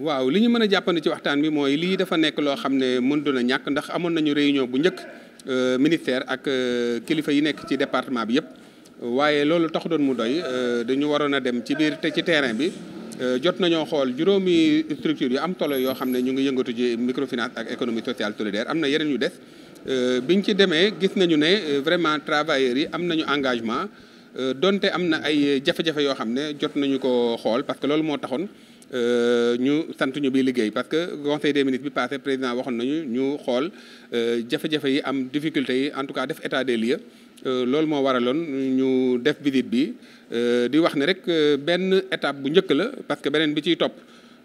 waaw li ñu mën a jàppandi ci waxtaan bi mooy lii dafa nekk loo xam ne mëntu na ñàkk ndax amoon nañu réunion bu njëkk euh, ministère ak euh, kilifa yi nekk ci département bi yëpp waaye loolu taxu doon mu doy euh, dañu waroon a dem ci biir te ci terrain bi jot nañoo xool juróomi structure yu am tolo yoo xam ne ñu ngi yëngatu ci microfinance ak économie sociale solidaire am na yeneen yu des biñ ci demee gis nañu ne vraiment travailleurs yi am nañu engagement Euh, donte am na ay jafe-jafe yoo xam ne jot nañu ko xool parce que loolu moo taxoon euh, ñu santuñu ñu bi liggéey parce que conseil des ministres bi passé président waxoon nañu ñu xool euh, jafe-jafe yi am difficulté yi en tout cas def état des lieux loolu moo waraloon ñu def visite bi di wax ne rek benn étape bu njëkk la parce que beneen bi ciy topp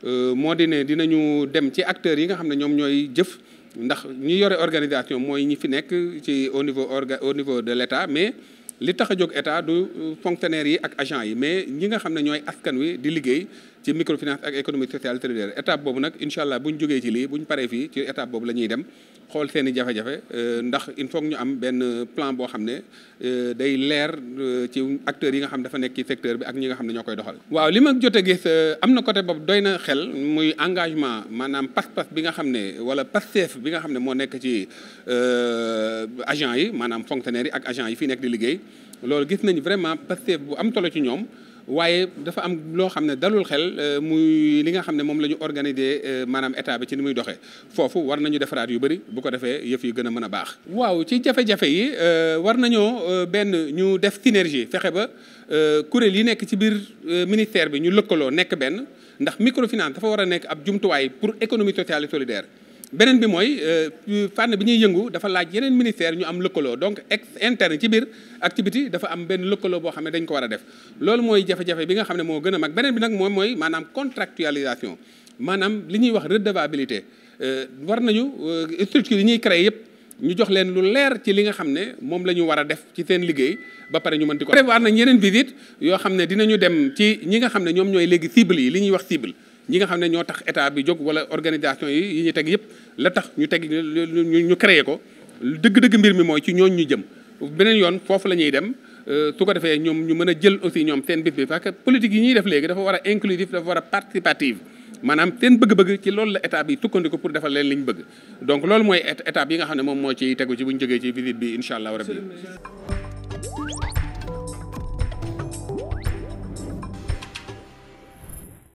moo di ne dinañu dem ci acteurs yi nga xam ne ñoom ñooy jëf ndax ñi yore organisation mooy ñi fi nekk ci au niveau orga au niveau de l' mais li tax jóg état du euh, fonctionnaires yi ak agents yi mais ñi nga xam ne ñooy askan wi di liggéey ci microfinance ak économie sociale et solidaire étape boobu nag incha allah bu ñu jógee ci lii bu paree fii ci étape boobu la ñuy dem xool seen i jafe-jafe euh, ndax il faut ñu am benn plan boo xam ne euh, day leer euh, ci acteur yi nga xam dafa nekk ci secteur bi ak ñi nga xam ne ñoo koy doxal. waaw li ma jot gis am na côté boobu doy na xel muy engagement maanaam pas-pas bi nga xam ne wala Pastef bi nga xam ne moo nekk ci agent yi maanaam fonctionnaire yi ak agent yi fi nekk di liggéey loolu gis nañ vraiment Pastef bu am solo ci ñoom. waaye dafa am loo xam ne dalul xel euh, muy li nga xam ne moom la ñu organiser euh, maanaam état bi ci ni muy doxee foofu war nañu defaraat yu bëri bu ko defee yëf yi gën a mën a baax. waaw ci jafe-jafe yi euh, war nañoo benn ñu def synergie fexe ba kuréel yi nekk ci biir ministère bi ñu lëkkaloo nekk benn ndax microfinance dafa war a nekk ab jumtuwaay pour économie sociale et solidaire. beneen bi mooy euh, fànn bi ñuy yëngu dafa laaj yeneen ministère ñu am lëkkaloo donc ex interne ci biir activité dafa am benn lëkkaloo boo xam ne dañ ko war a def loolu mooy jafe-jafe bi nga xam ne moo gën a beneen bi nag moom mooy maanaam contractualisation maanaam li ñuy wax redevabilité euh, war nañu euh, structure yi ñuy créer yëpp ñu jox leen lu leer ci li nga xam ne moom la ñu war a def ci seen liggéey ba pare ñu mën ko prévoir nañ yeneen visite yoo xam ne dem ci ñi nga xam ne ñoom ñooy léegi cible yi li ñuy wax cible ñi nga xam ne ñoo tax état bi jóg wala organisation yi yi ñu teg yëpp la tax ñu teg ñu créé ko dëgg-dëgg mbir mi mooy ci ñooñ ñu jëm beneen yoon foofu la ñuy dem euh, su ko defee ñoom ñu mën a jël aussi ñoom seen bis bi parce que yi ñuy def léegi dafa war a inclusif dafa war participative maanaam seen bëgg-bëgg ci loolu la état bi tukkandiku pour defal leen li ñu bëgg donc loolu mooy étape yi nga xam ne moom moo ci tegu ci bu ñu jógee ci visite bi incha allah rabbi